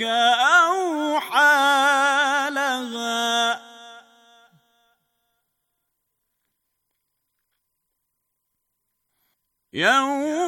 ربك أوحى لها يوم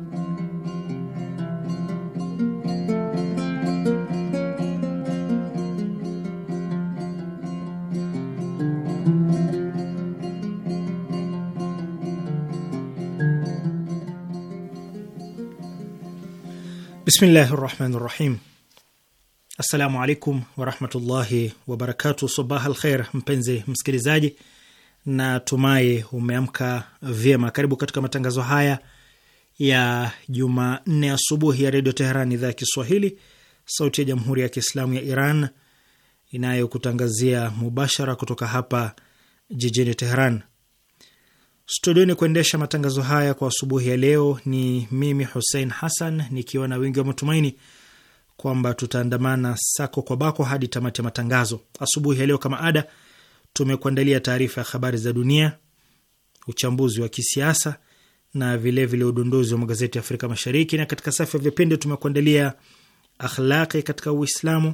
Bismillahi rahmani rahim. Assalamu alaikum warahmatullahi wabarakatu. Sabah alkheir, mpenzi msikilizaji, na tumai umeamka vyema. Karibu katika matangazo haya ya Jumanne asubuhi ya Redio Teheran, idhaa ya Kiswahili, sauti ya Jamhuri ya Kiislamu ya Iran inayokutangazia mubashara kutoka hapa jijini Teheran. Studioni kuendesha matangazo haya kwa asubuhi ya leo ni mimi Hussein Hassan, nikiwa na wingi wa matumaini kwamba tutaandamana sako kwa bako hadi tamati ya matangazo. Asubuhi ya leo kama ada, tumekuandalia taarifa ya habari za dunia, uchambuzi wa kisiasa na vilevile udondozi wa magazeti ya Afrika Mashariki, na katika safu ya vipindi tumekuandalia akhlaqi katika Uislamu,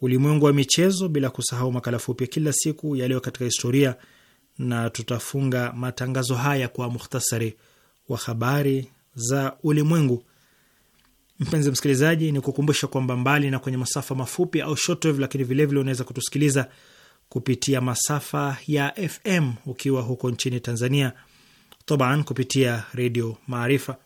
ulimwengu wa michezo, bila kusahau makala fupi ya kila siku yaleo katika historia na tutafunga matangazo haya kwa muhtasari wa habari za ulimwengu. Mpenzi msikilizaji, ni kukumbusha kwamba mbali na kwenye masafa mafupi au shortwave, lakini vilevile unaweza kutusikiliza kupitia masafa ya FM ukiwa huko nchini Tanzania toban kupitia Redio Maarifa.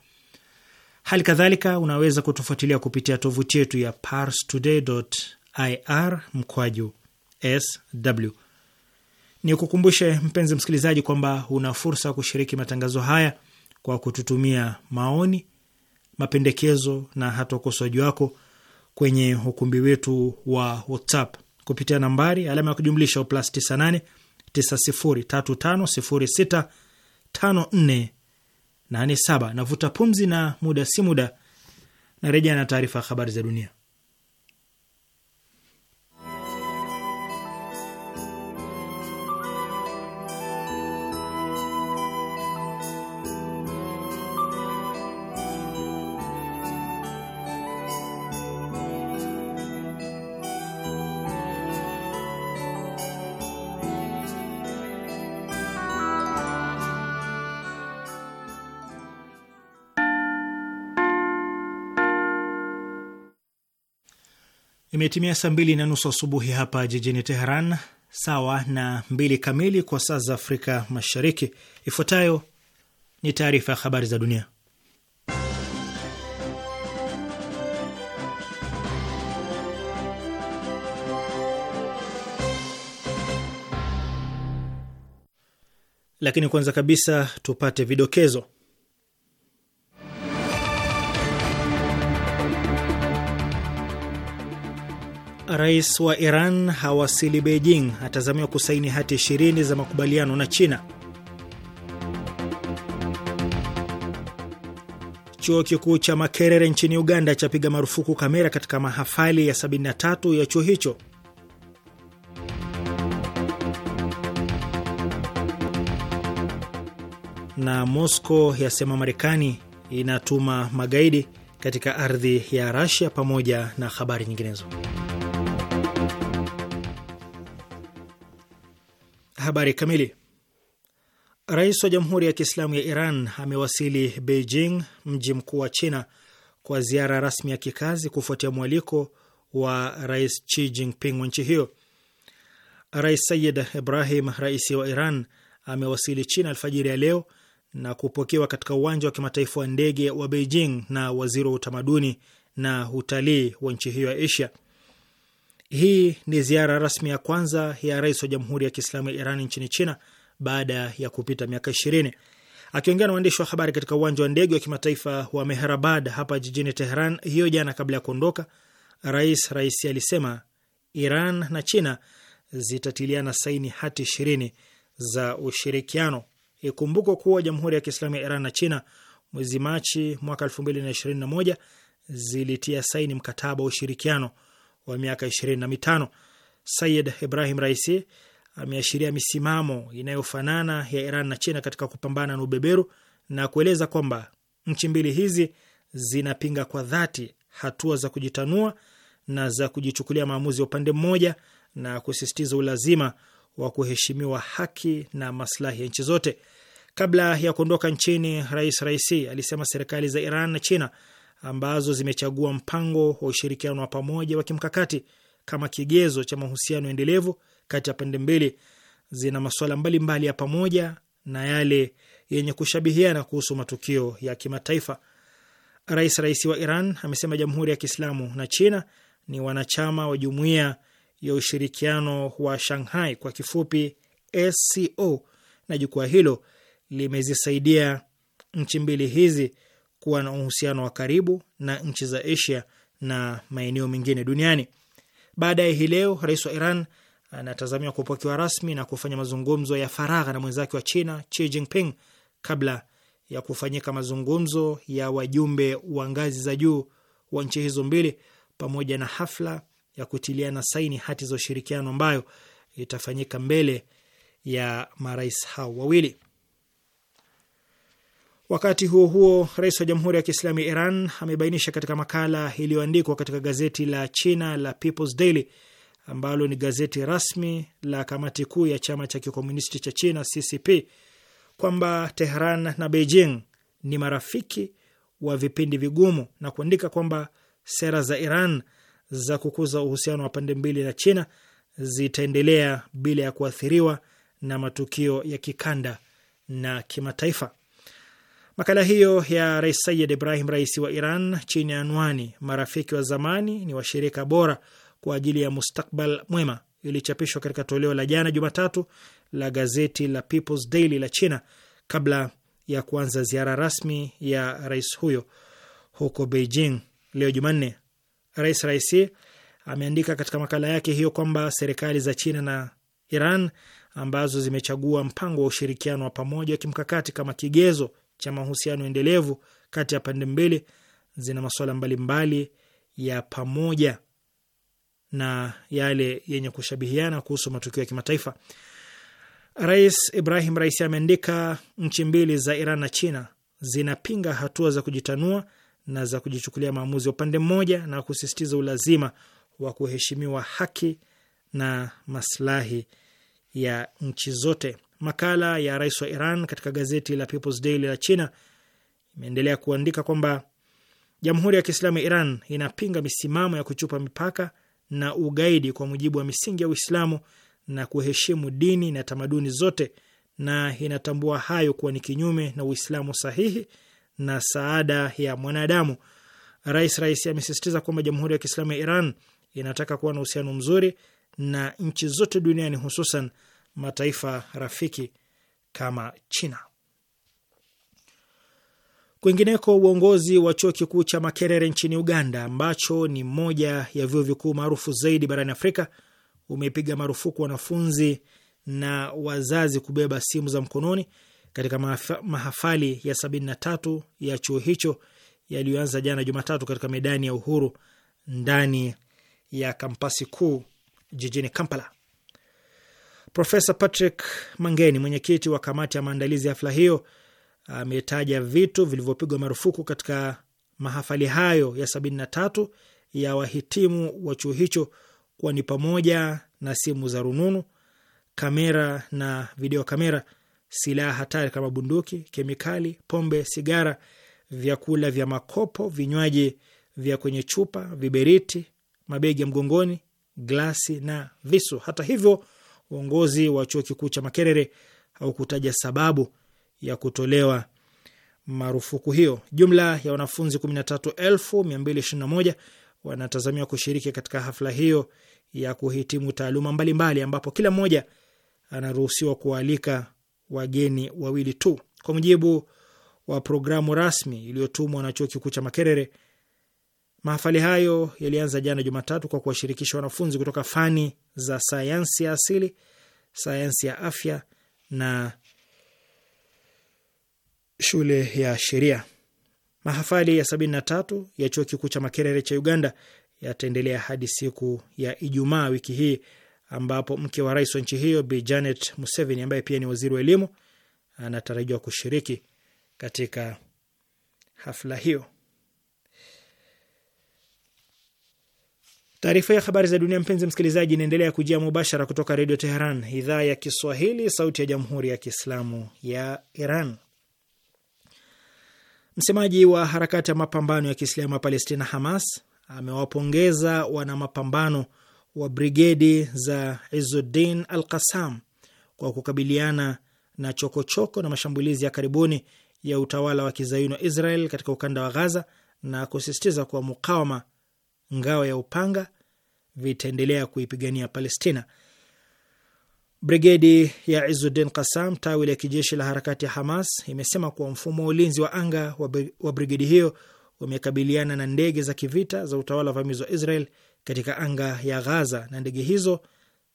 Hali kadhalika unaweza kutufuatilia kupitia tovuti yetu ya parstoday.ir mkwaju sw ni kukumbushe mpenzi msikilizaji kwamba una fursa ya kushiriki matangazo haya kwa kututumia maoni, mapendekezo na hata ukosoaji wako kwenye ukumbi wetu wa WhatsApp kupitia nambari alama ya kujumlisha plus 98 9035065487. Navuta pumzi na muda si muda na reja na taarifa ya habari za dunia. Imetimia saa mbili na nusu asubuhi hapa jijini Teheran, sawa na mbili kamili kwa saa za Afrika Mashariki. Ifuatayo ni taarifa ya habari za dunia, lakini kwanza kabisa tupate vidokezo. rais wa Iran hawasili Beijing, atazamiwa kusaini hati ishirini za makubaliano na China. Chuo kikuu cha Makerere nchini Uganda chapiga marufuku kamera katika mahafali ya 73 ya chuo hicho. Na mosco yasema Marekani inatuma magaidi katika ardhi ya Rasia, pamoja na habari nyinginezo. Habari kamili. Rais wa Jamhuri ya Kiislamu ya Iran amewasili Beijing, mji mkuu wa China, kwa ziara rasmi ya kikazi kufuatia mwaliko wa Rais Xi Jinping wa nchi hiyo. Rais Sayid Ibrahim Raisi wa Iran amewasili China alfajiri ya leo na kupokewa katika uwanja wa kimataifa wa ndege wa Beijing na waziri wa utamaduni na utalii wa nchi hiyo ya Asia. Hii ni ziara rasmi ya kwanza ya rais wa Jamhuri ya Kiislamu ya Iran nchini China baada ya kupita miaka ishirini. Akiongea na waandishi wa habari katika uwanja wa ndege wa kimataifa wa Mehrabad hapa jijini Teheran hiyo jana, kabla ya kuondoka, rais Raisi alisema Iran na China zitatiliana saini hati ishirini za ushirikiano. Ikumbukwe kuwa Jamhuri ya Kiislamu ya Iran na China mwezi Machi mwaka elfu mbili na ishirini na moja zilitia saini mkataba wa ushirikiano wa miaka ishirini na mitano. Sayid Ibrahim Raisi ameashiria misimamo inayofanana ya Iran na China katika kupambana na ubeberu na kueleza kwamba nchi mbili hizi zinapinga kwa dhati hatua za kujitanua na za kujichukulia maamuzi ya upande mmoja na kusisitiza ulazima wa kuheshimiwa haki na maslahi ya nchi zote. Kabla ya kuondoka nchini, Rais Raisi alisema serikali za Iran na China ambazo zimechagua mpango wa ushirikiano wa pamoja wa kimkakati kama kigezo cha mahusiano endelevu kati ya pande mbili, zina masuala mbalimbali ya pamoja na yale yenye kushabihiana kuhusu matukio ya kimataifa. Rais rais wa Iran amesema Jamhuri ya Kiislamu na China ni wanachama wa Jumuiya ya Ushirikiano wa Shanghai, kwa kifupi SCO, na jukwaa hilo limezisaidia nchi mbili hizi kuwa na uhusiano wa karibu na nchi za Asia na maeneo mengine duniani. Baadaye hii leo rais wa Iran anatazamiwa kupokewa rasmi na kufanya mazungumzo ya faragha na mwenzake wa China Xi Jinping kabla ya kufanyika mazungumzo ya wajumbe wa ngazi za juu wa nchi hizo mbili pamoja na hafla ya kutiliana saini hati za ushirikiano ambayo itafanyika mbele ya marais hao wawili. Wakati huo huo, rais wa Jamhuri ya Kiislamu ya Iran amebainisha katika makala iliyoandikwa katika gazeti la China la People's Daily ambalo ni gazeti rasmi la kamati kuu ya chama cha kikomunisti cha China CCP kwamba Tehran na Beijing ni marafiki wa vipindi vigumu na kuandika kwamba sera za Iran za kukuza uhusiano wa pande mbili na China zitaendelea bila ya kuathiriwa na matukio ya kikanda na kimataifa. Makala hiyo ya Rais Sayid Ibrahim Raisi wa Iran chini ya anwani marafiki wa zamani ni washirika bora kwa ajili ya mustakbal mwema ilichapishwa katika toleo la jana Jumatatu la gazeti la People's Daily la China kabla ya kuanza ziara rasmi ya rais huyo huko Beijing leo Jumanne. Rais Raisi ameandika katika makala yake hiyo kwamba serikali za China na Iran ambazo zimechagua mpango wa ushirikiano wa pamoja wa kimkakati kama kigezo cha mahusiano endelevu kati ya pande mbili zina masuala mbalimbali ya pamoja na yale yenye kushabihiana kuhusu matukio ya kimataifa. Rais Ibrahim Raisi ameandika, nchi mbili za Iran na China zinapinga hatua za kujitanua na za kujichukulia maamuzi ya upande mmoja na kusisitiza ulazima wa kuheshimiwa haki na maslahi ya nchi zote makala ya rais wa Iran katika gazeti la People's Daily la China imeendelea kuandika kwamba Jamhuri ya Kiislamu ya Iran inapinga misimamo ya kuchupa mipaka na ugaidi kwa mujibu wa misingi ya Uislamu na kuheshimu dini na tamaduni zote, na inatambua hayo kuwa ni kinyume na Uislamu sahihi na saada ya mwanadamu. Rais rais amesisitiza kwamba Jamhuri ya Kiislamu ya Iran inataka kuwa na uhusiano mzuri na nchi zote duniani hususan mataifa rafiki kama China. Kwingineko, uongozi wa chuo kikuu cha Makerere nchini Uganda, ambacho ni moja ya vyuo vikuu maarufu zaidi barani Afrika, umepiga marufuku wanafunzi na wazazi kubeba simu za mkononi katika mahafali ya sabini na tatu ya chuo hicho yaliyoanza jana Jumatatu katika medani ya Uhuru ndani ya kampasi kuu jijini Kampala. Profesa Patrick Mangeni, mwenyekiti wa kamati ya maandalizi ya hafla hiyo, ametaja vitu vilivyopigwa marufuku katika mahafali hayo ya sabini na tatu ya wahitimu wa chuo hicho kuwa ni pamoja na simu za rununu, kamera na video kamera, silaha hatari kama bunduki, kemikali, pombe, sigara, vyakula vya makopo, vinywaji vya kwenye chupa, viberiti, mabegi ya mgongoni, glasi na visu. Hata hivyo uongozi wa chuo kikuu cha Makerere haukutaja sababu ya kutolewa marufuku hiyo. Jumla ya wanafunzi 13,221 wanatazamiwa kushiriki katika hafla hiyo ya kuhitimu taaluma mbalimbali, ambapo kila mmoja anaruhusiwa kualika wageni wawili tu. Kwa mujibu wa programu rasmi iliyotumwa na chuo kikuu cha Makerere, Mahafali hayo yalianza jana Jumatatu kwa kuwashirikisha wanafunzi kutoka fani za sayansi ya asili, sayansi ya afya na shule ya sheria. Mahafali ya sabini na tatu ya chuo kikuu cha Makerere cha Uganda yataendelea hadi siku ya Ijumaa wiki hii ambapo mke wa rais wa nchi hiyo Bi Janet Museveni ambaye pia ni waziri wa elimu anatarajiwa kushiriki katika hafla hiyo. Taarifa ya habari za dunia, mpenzi msikilizaji, inaendelea kujia mubashara kutoka Redio Teheran, idhaa ya Kiswahili, sauti ya jamhuri ya kiislamu ya Iran. Msemaji wa harakati ya mapambano ya kiislamu ya Palestina, Hamas, amewapongeza wana mapambano wa brigedi za Izuddin al Qassam kwa kukabiliana na chokochoko choko na mashambulizi ya karibuni ya utawala wa kizayuni wa Israel katika ukanda wa Ghaza na kusisitiza kuwa mukawama ngao ya upanga vitaendelea kuipigania Palestina. Brigedi ya Izuddin Kasam, tawi la kijeshi la harakati ya Hamas, imesema kuwa mfumo wa ulinzi wa anga wa brigedi hiyo umekabiliana na ndege za kivita za utawala wa vamizi wa Israel katika anga ya Ghaza na ndege hizo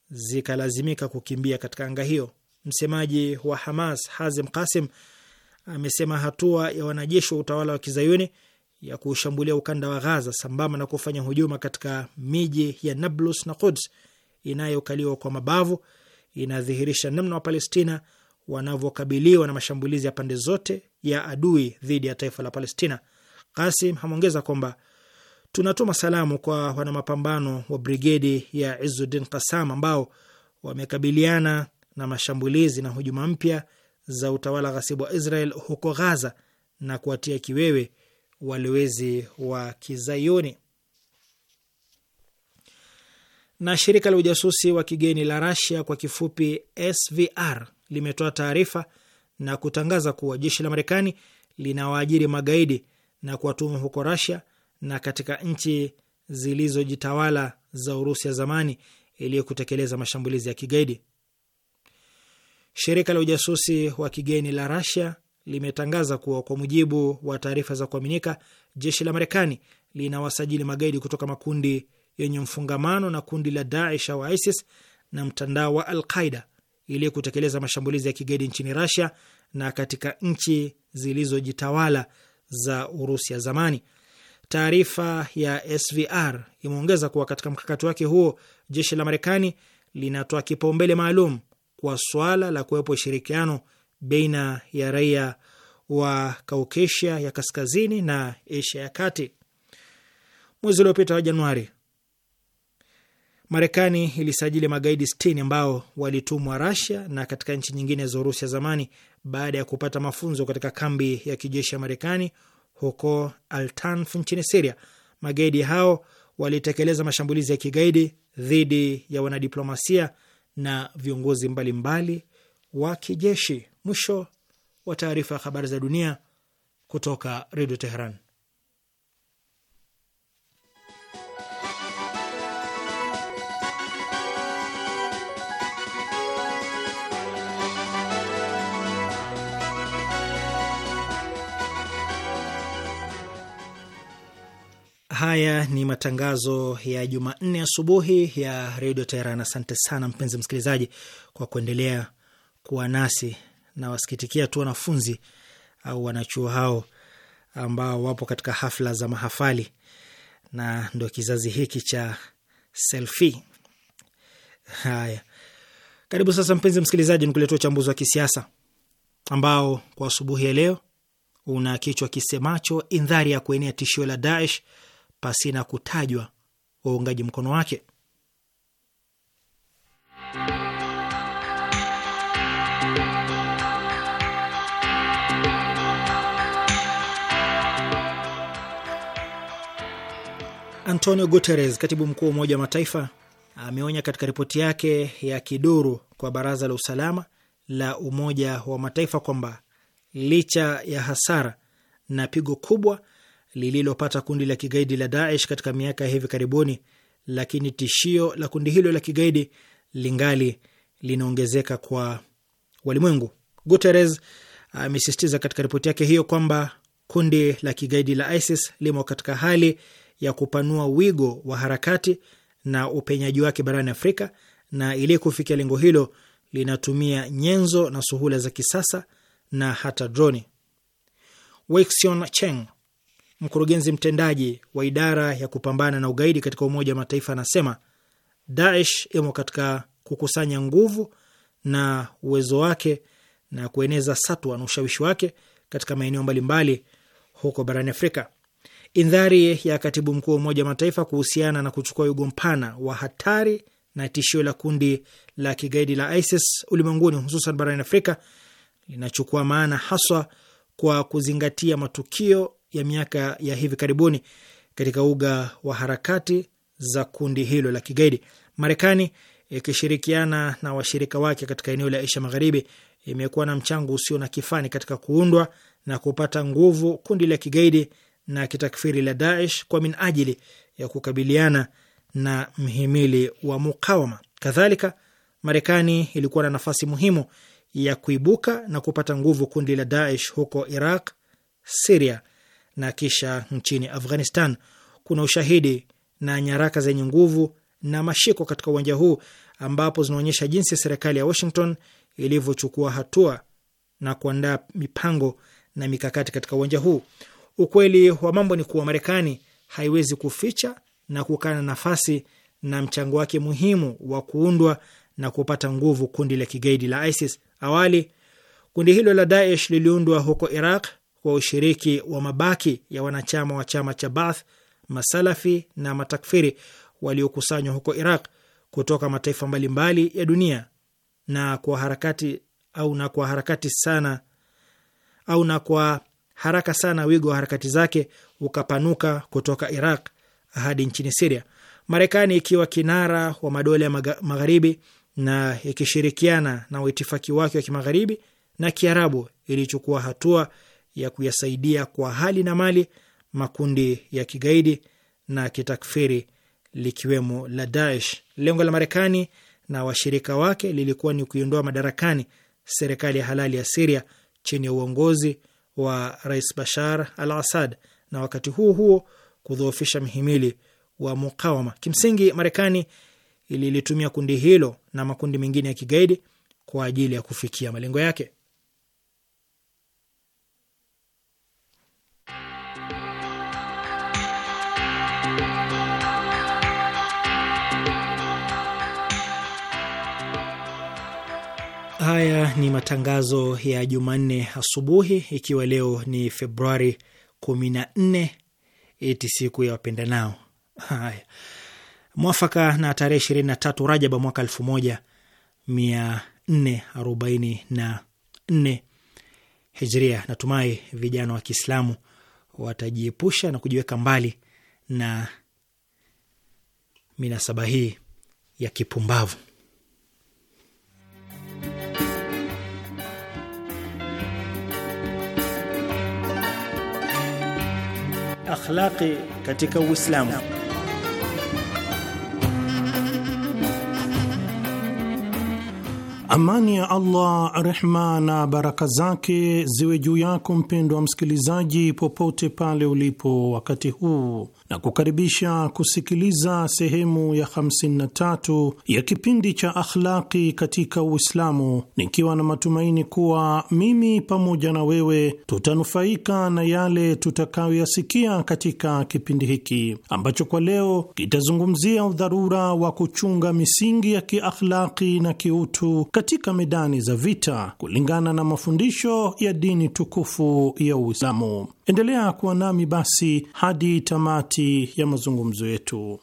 zikalazimika kukimbia katika anga hiyo. Msemaji wa Hamas Hazim Kasim amesema hatua ya wanajeshi wa utawala wa kizayuni ya kushambulia ukanda wa Ghaza sambamba na kufanya hujuma katika miji ya Nablus na Quds inayokaliwa kwa mabavu inadhihirisha namna Wapalestina wanavyokabiliwa na mashambulizi ya pande zote ya adui dhidi ya taifa la Palestina. Kasim ameongeza kwamba tunatuma salamu kwa wanamapambano wa brigedi ya Izzuddin Kasam ambao wamekabiliana na mashambulizi na hujuma mpya za utawala ghasibu wa Israel huko Ghaza na kuwatia kiwewe walowezi wa Kizayuni. Na shirika la ujasusi wa kigeni la Rasia kwa kifupi SVR limetoa taarifa na kutangaza kuwa jeshi la Marekani linawaajiri magaidi na kuwatuma huko Rasia na katika nchi zilizojitawala za Urusi ya zamani iliyo kutekeleza mashambulizi ya kigaidi. Shirika la ujasusi wa kigeni la Rasia limetangaza kuwa kwa mujibu wa taarifa za kuaminika, jeshi la Marekani linawasajili magaidi kutoka makundi yenye mfungamano na kundi la Daesh au ISIS na mtandao wa Al Qaida ili kutekeleza mashambulizi ya kigaidi nchini Rasia na katika nchi zilizojitawala za Urusi ya zamani. Taarifa ya SVR imeongeza kuwa katika mkakati wake huo, jeshi la Marekani linatoa kipaumbele maalum kwa swala la kuwepo ushirikiano baina ya raia wa Kaukesia ya kaskazini na Asia ya kati. Mwezi uliopita wa Januari, Marekani ilisajili magaidi s ambao walitumwa Rasia na katika nchi nyingine za Urusi ya zamani baada ya kupata mafunzo katika kambi ya kijeshi ya Marekani huko Altanf nchini Siria. Magaidi hao walitekeleza mashambulizi ya kigaidi dhidi ya wanadiplomasia na viongozi mbalimbali wa kijeshi. Mwisho wa taarifa ya habari za dunia kutoka Redio Teheran. Haya ni matangazo ya Jumanne asubuhi ya redio Teheran. Asante sana mpenzi msikilizaji kwa kuendelea kuwa nasi na wasikitikia tu wanafunzi au wanachuo hao ambao wapo katika hafla za mahafali na ndo kizazi hiki cha selfie. Haya, karibu sasa, mpenzi msikilizaji, nikuletea uchambuzi wa kisiasa ambao kwa asubuhi ya leo una kichwa kisemacho indhari ya kuenea tishio la Daesh pasina kutajwa waungaji mkono wake. Antonio Guterres, katibu mkuu wa Umoja wa Mataifa, ameonya katika ripoti yake ya kiduru kwa Baraza la Usalama la Umoja wa Mataifa kwamba licha ya hasara na pigo kubwa lililopata kundi la kigaidi la Daesh katika miaka ya hivi karibuni, lakini tishio la kundi hilo la kigaidi lingali linaongezeka kwa walimwengu. Guterres amesisitiza katika ripoti yake hiyo kwamba kundi la kigaidi la ISIS limo katika hali ya kupanua wigo wa harakati na upenyaji wake barani Afrika, na ili kufikia lengo hilo linatumia nyenzo na suhula za kisasa na hata droni. Wexion Cheng, mkurugenzi mtendaji wa idara ya kupambana na ugaidi katika Umoja wa Mataifa, anasema Daesh imo katika kukusanya nguvu na uwezo wake na kueneza satwa na ushawishi wake katika maeneo mbalimbali huko barani Afrika. Indhari ya katibu mkuu wa Umoja wa Mataifa kuhusiana na kuchukua yugo mpana wa hatari na tishio la kundi la kigaidi la ISIS ulimwenguni, hususan barani Afrika linachukua maana haswa kwa kuzingatia matukio ya miaka ya hivi karibuni katika uga wa harakati za kundi hilo la kigaidi. Marekani ikishirikiana na washirika wake katika eneo la Asia Magharibi imekuwa na mchango usio na kifani katika kuundwa na kupata nguvu kundi la kigaidi na kitakfiri la Daesh kwa minajili ya kukabiliana na mhimili wa mukawama. Kadhalika, Marekani ilikuwa na nafasi muhimu ya kuibuka na kupata nguvu kundi la Daesh huko Iraq, Siria na kisha nchini Afghanistan. Kuna ushahidi na nyaraka zenye nguvu na mashiko katika uwanja huu ambapo zinaonyesha jinsi serikali ya Washington ilivyochukua hatua na kuandaa mipango na mikakati katika uwanja huu. Ukweli wa mambo ni kuwa Marekani haiwezi kuficha na kukana nafasi na mchango wake muhimu wa kuundwa na kupata nguvu kundi la kigaidi la ISIS. Awali kundi hilo la Daesh liliundwa huko Iraq kwa ushiriki wa mabaki ya wanachama wa chama cha Baath, Masalafi na matakfiri waliokusanywa huko Iraq kutoka mataifa mbalimbali ya dunia na kwa harakati au na kwa harakati sana au na kwa haraka sana wigo wa harakati zake ukapanuka kutoka Iraq hadi nchini Siria. Marekani ikiwa kinara wa madola ya Magharibi na ikishirikiana na waitifaki wake wa kimagharibi na kiarabu ilichukua hatua ya kuyasaidia kwa hali na mali makundi ya kigaidi na kitakfiri likiwemo la Daesh. Lengo la Marekani na washirika wake lilikuwa ni kuiondoa madarakani serikali ya halali ya Siria chini ya uongozi wa Rais Bashar al Assad na wakati huo huo kudhoofisha mhimili wa mukawama. Kimsingi, Marekani ililitumia kundi hilo na makundi mengine ya kigaidi kwa ajili ya kufikia malengo yake. Haya ni matangazo ya Jumanne asubuhi, ikiwa leo ni Februari 14 eti siku ya nao. Haya mwafaka na tarehe 23 Rajaba mwaka 1444 Hijria. Natumai vijana wa Kiislamu watajiepusha na kujiweka mbali na minasaba hii ya kipumbavu. akhlaqi katika Uislamu. Amani ya Allah, rehma na baraka zake ziwe juu yako mpendwa msikilizaji, popote pale ulipo wakati huu, na kukaribisha kusikiliza sehemu ya 53 ya kipindi cha Akhlaqi katika Uislamu, nikiwa na matumaini kuwa mimi pamoja na wewe tutanufaika na yale tutakayoyasikia katika kipindi hiki ambacho kwa leo kitazungumzia udharura wa kuchunga misingi ya kiakhlaqi na kiutu katika medani za vita kulingana na mafundisho ya dini tukufu ya Uislamu. Endelea kuwa nami basi hadi tamati ya mazungumzo yetu.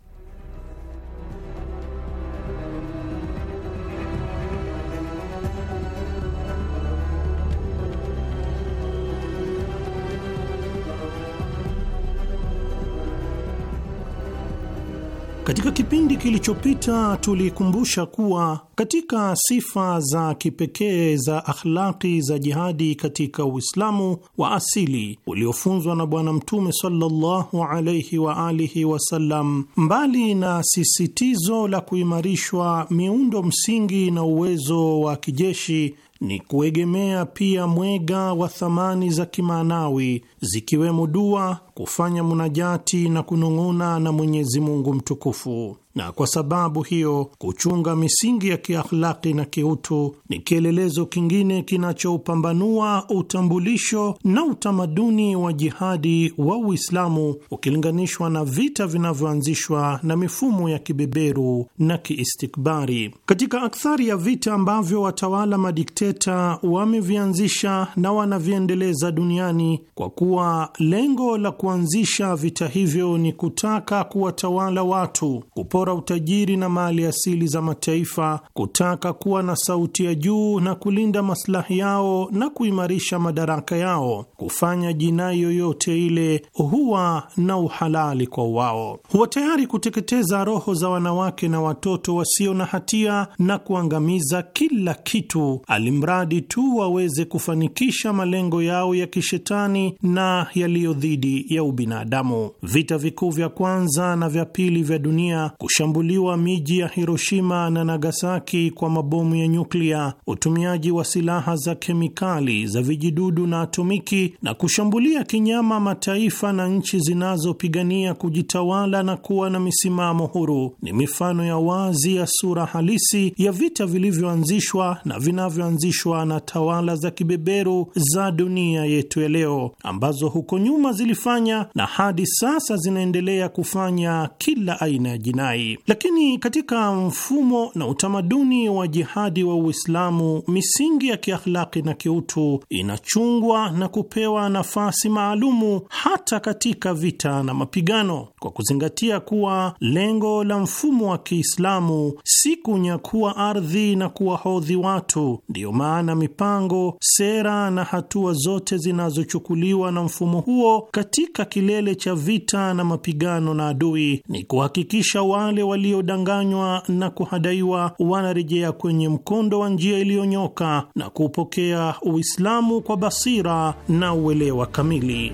Katika kipindi kilichopita tulikumbusha kuwa katika sifa za kipekee za akhlaki za jihadi katika Uislamu wa asili uliofunzwa na Bwana Mtume sallallahu alaihi wa alihi wasallam, mbali na sisitizo la kuimarishwa miundo msingi na uwezo wa kijeshi ni kuegemea pia mwega wa thamani za kimaanawi zikiwemo dua, kufanya munajati na kunong'ona na Mwenyezi Mungu mtukufu, na kwa sababu hiyo kuchunga misingi ya kiakhlaki na kiutu ni kielelezo kingine kinachoupambanua utambulisho na utamaduni wa jihadi wa Uislamu ukilinganishwa na vita vinavyoanzishwa na mifumo ya kibeberu na kiistikbari. Katika akthari ya vita ambavyo watawala madikteta wamevianzisha na wanaviendeleza duniani, kwa kuwa lengo la kuanzisha vita hivyo ni kutaka kuwatawala watu, kupora utajiri na mali asili za mataifa, kutaka kuwa na sauti ya juu na kulinda maslahi yao na kuimarisha madaraka yao. Kufanya jinai yoyote ile huwa na uhalali kwa wao, huwa tayari kuteketeza roho za wanawake na watoto wasio na hatia na kuangamiza kila kitu, alimradi tu waweze kufanikisha malengo yao ya kishetani na yaliyo dhidi ya ubinadamu. Vita vikuu vya kwanza na vya pili vya dunia, kushambuliwa miji ya Hiroshima na Nagasaki kwa mabomu ya nyuklia, utumiaji wa silaha za kemikali za vijidudu na atomiki, na kushambulia kinyama mataifa na nchi zinazopigania kujitawala na kuwa na misimamo huru ni mifano ya wazi ya sura halisi ya vita vilivyoanzishwa na vinavyoanzishwa na tawala za kibeberu za dunia yetu ya leo ambazo huko nyuma zilifanya zilifanya na hadi sasa zinaendelea kufanya kila aina ya jinai. Lakini katika mfumo na utamaduni wa jihadi wa Uislamu, misingi ya kiakhlaki na kiutu inachungwa na kupewa nafasi maalumu hata katika vita na mapigano, kwa kuzingatia kuwa lengo la mfumo wa Kiislamu si kunyakua ardhi na kuwahodhi watu. Ndiyo maana mipango, sera na hatua zote zinazochukuliwa na mfumo huo katika katika kilele cha vita na mapigano na adui ni kuhakikisha wale waliodanganywa na kuhadaiwa wanarejea kwenye mkondo wa njia iliyonyoka na kupokea Uislamu kwa basira na uelewa kamili.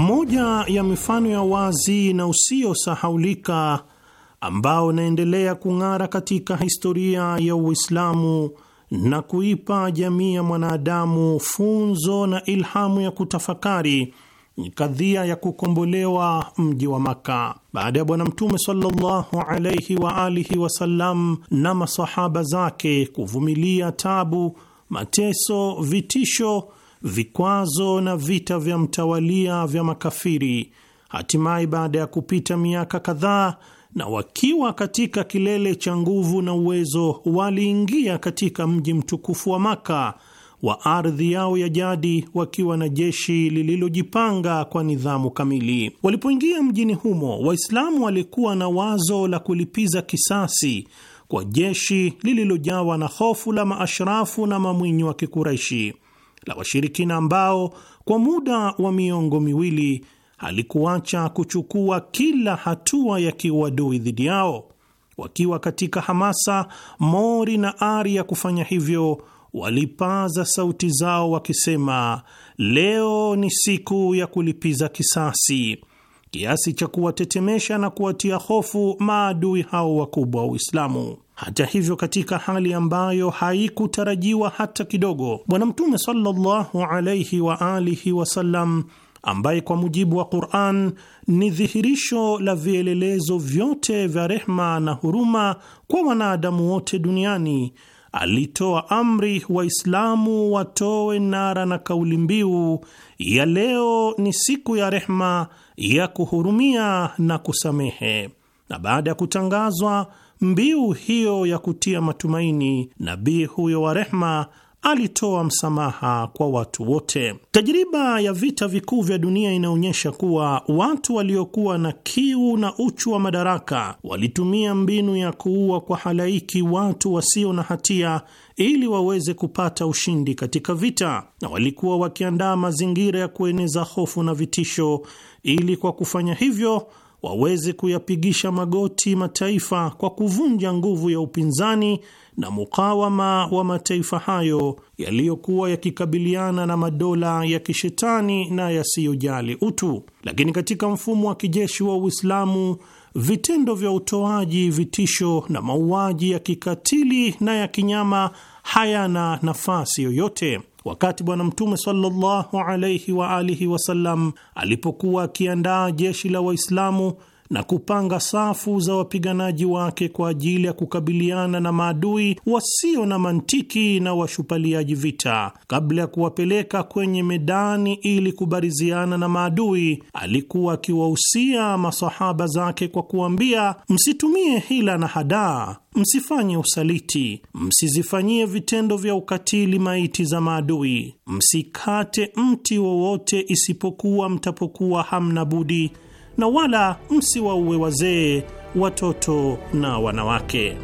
Moja ya mifano ya wazi na usiosahaulika ambao unaendelea kung'ara katika historia ya Uislamu na kuipa jamii ya mwanadamu funzo na ilhamu ya kutafakari ni kadhia ya kukombolewa mji wa Maka baada ya Bwana Mtume sallallahu alaihi wa alihi wasallam na masahaba zake kuvumilia tabu, mateso, vitisho vikwazo na vita vya mtawalia vya makafiri, hatimaye baada ya kupita miaka kadhaa na wakiwa katika kilele cha nguvu na uwezo, waliingia katika mji mtukufu wa Maka wa ardhi yao ya jadi wakiwa na jeshi lililojipanga kwa nidhamu kamili. Walipoingia mjini humo, Waislamu walikuwa na wazo la kulipiza kisasi kwa jeshi lililojawa na hofu la maashrafu na mamwinyi wa Kikuraishi la washirikina ambao kwa muda wa miongo miwili halikuacha kuchukua kila hatua ya kiuadui dhidi yao, wakiwa katika hamasa, mori na ari ya kufanya hivyo walipaza sauti zao wakisema, leo ni siku ya kulipiza kisasi, kiasi cha kuwatetemesha na kuwatia hofu maadui hao wakubwa wa Uislamu. Hata hivyo, katika hali ambayo haikutarajiwa hata kidogo, Bwana Mtume sallallahu alaihi wa alihi wasallam, ambaye kwa mujibu wa Quran ni dhihirisho la vielelezo vyote vya rehma na huruma kwa wanadamu wote duniani, alitoa amri Waislamu watowe nara na kauli mbiu ya leo ni siku ya rehma ya kuhurumia na kusamehe, na baada ya kutangazwa mbiu hiyo ya kutia matumaini, nabii huyo wa rehma alitoa msamaha kwa watu wote. Tajriba ya vita vikuu vya dunia inaonyesha kuwa watu waliokuwa na kiu na uchu wa madaraka walitumia mbinu ya kuua kwa halaiki watu wasio na hatia ili waweze kupata ushindi katika vita, na walikuwa wakiandaa mazingira ya kueneza hofu na vitisho, ili kwa kufanya hivyo waweze kuyapigisha magoti mataifa kwa kuvunja nguvu ya upinzani na mukawama wa mataifa hayo yaliyokuwa yakikabiliana na madola ya kishetani na yasiyojali utu. Lakini katika mfumo wa kijeshi wa Uislamu, vitendo vya utoaji vitisho na mauaji ya kikatili na ya kinyama hayana nafasi yoyote wakati Bwana Mtume sallallahu alaihi waalihi wasallam alipokuwa akiandaa jeshi la Waislamu na kupanga safu za wapiganaji wake kwa ajili ya kukabiliana na maadui wasio na mantiki na washupaliaji vita. Kabla ya kuwapeleka kwenye medani ili kubariziana na maadui, alikuwa akiwahusia masahaba zake kwa kuambia, msitumie hila na hadaa, msifanye usaliti, msizifanyie vitendo vya ukatili maiti za maadui, msikate mti wowote isipokuwa mtapokuwa hamna budi na wala msiwaue wazee, watoto na wanawake.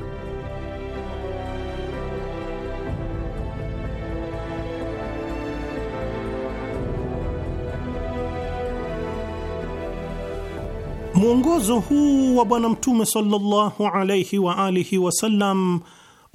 Mwongozo huu wa Bwana Mtume sallallahu alaihi wa alihi wasallam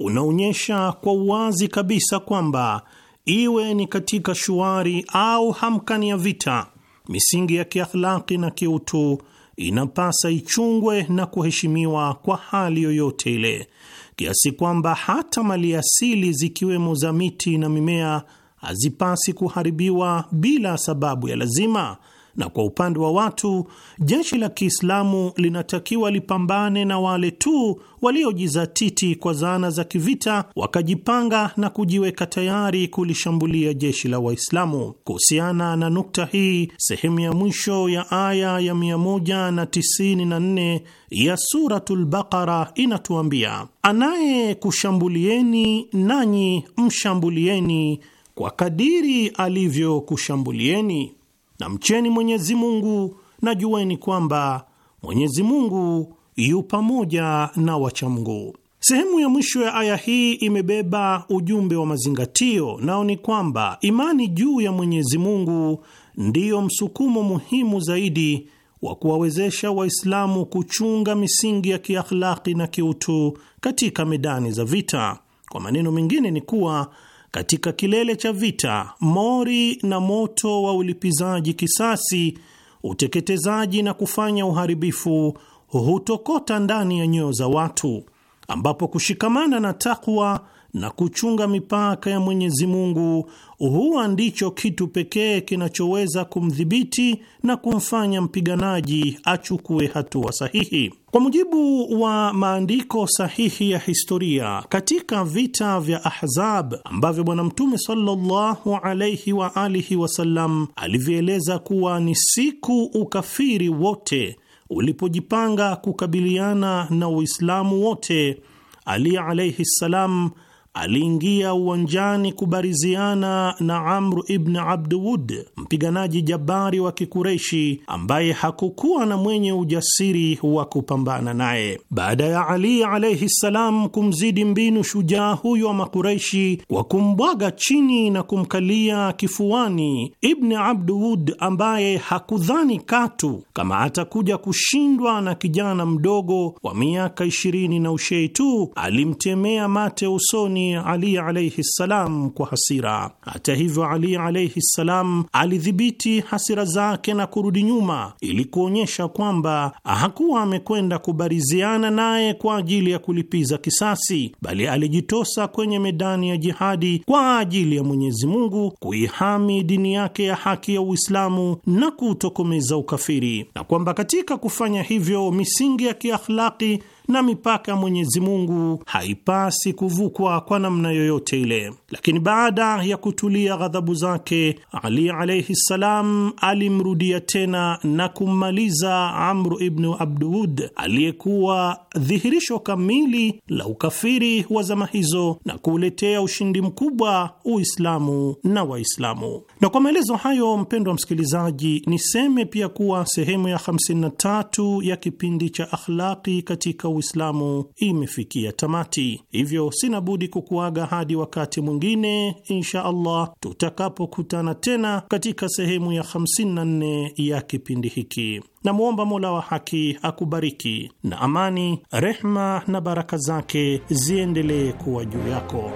unaonyesha kwa uwazi kabisa kwamba iwe ni katika shuari au hamkani ya vita misingi ya kiakhlaki na kiutu inapasa ichungwe na kuheshimiwa kwa hali yoyote ile, kiasi kwamba hata mali asili zikiwemo za miti na mimea hazipasi kuharibiwa bila sababu ya lazima na kwa upande wa watu, jeshi la Kiislamu linatakiwa lipambane na wale tu waliojizatiti kwa zana za kivita, wakajipanga na kujiweka tayari kulishambulia jeshi la Waislamu. Kuhusiana na nukta hii, sehemu ya mwisho ya aya ya 194 ya Suratul Baqara inatuambia, anayekushambulieni nanyi mshambulieni kwa kadiri alivyokushambulieni na mcheni Mwenyezi Mungu na jueni kwamba Mwenyezi Mungu yu pamoja na wachamgu. Sehemu ya mwisho ya aya hii imebeba ujumbe wa mazingatio, nao ni kwamba imani juu ya Mwenyezi Mungu ndiyo msukumo muhimu zaidi wa kuwawezesha Waislamu kuchunga misingi ya kiakhlaki na kiutu katika medani za vita. Kwa maneno mengine ni kuwa katika kilele cha vita, mori na moto wa ulipizaji kisasi, uteketezaji na kufanya uharibifu hutokota ndani ya nyoyo za watu, ambapo kushikamana na takwa na kuchunga mipaka ya Mwenyezi Mungu, huwa ndicho kitu pekee kinachoweza kumdhibiti na kumfanya mpiganaji achukue hatua sahihi. Kwa mujibu wa maandiko sahihi ya historia, katika vita vya Ahzab ambavyo Bwana Mtume sallallahu alaihi wa alihi wasallam alivyoeleza kuwa ni siku ukafiri wote ulipojipanga kukabiliana na Uislamu wote, Ali alaihi ssalam aliingia uwanjani kubariziana na Amru ibn Abdwud, mpiganaji jabari wa Kikureishi ambaye hakukuwa na mwenye ujasiri wa kupambana naye. Baada ya Ali alaihi ssalam kumzidi mbinu shujaa huyo wa Makureishi kwa kumbwaga chini na kumkalia kifuani, Ibni Abduwud ambaye hakudhani katu kama atakuja kushindwa na kijana mdogo wa miaka ishirini na ushei tu, alimtemea mate usoni Ali alaihi ssalam kwa hasira. Hata hivyo, Ali alaihi ssalam ali alidhibiti hasira zake na kurudi nyuma ili kuonyesha kwamba hakuwa amekwenda kubariziana naye kwa ajili ya kulipiza kisasi, bali alijitosa kwenye medani ya jihadi kwa ajili ya Mwenyezi Mungu, kuihami dini yake ya haki ya Uislamu na kuutokomeza ukafiri, na kwamba katika kufanya hivyo misingi ya kiakhlaki na mipaka ya Mwenyezi Mungu haipasi kuvukwa kwa namna yoyote ile. Lakini baada ya kutulia ghadhabu zake, Ali alaihi ssalam alimrudia tena na kummaliza Amru ibnu Abduwud aliyekuwa dhihirisho kamili la ukafiri wa zama hizo na kuuletea ushindi mkubwa Uislamu na Waislamu. Na kwa maelezo hayo, mpendwa msikilizaji, niseme pia kuwa sehemu ya 53 ya kipindi cha Akhlaqi katika Uislamu imefikia tamati, hivyo sina budi kukuaga hadi wakati mwingine insha Allah tutakapokutana tena katika sehemu ya 54 ya kipindi hiki. Namwomba Mola wa haki akubariki, na amani, rehma na baraka zake ziendelee kuwa juu yako.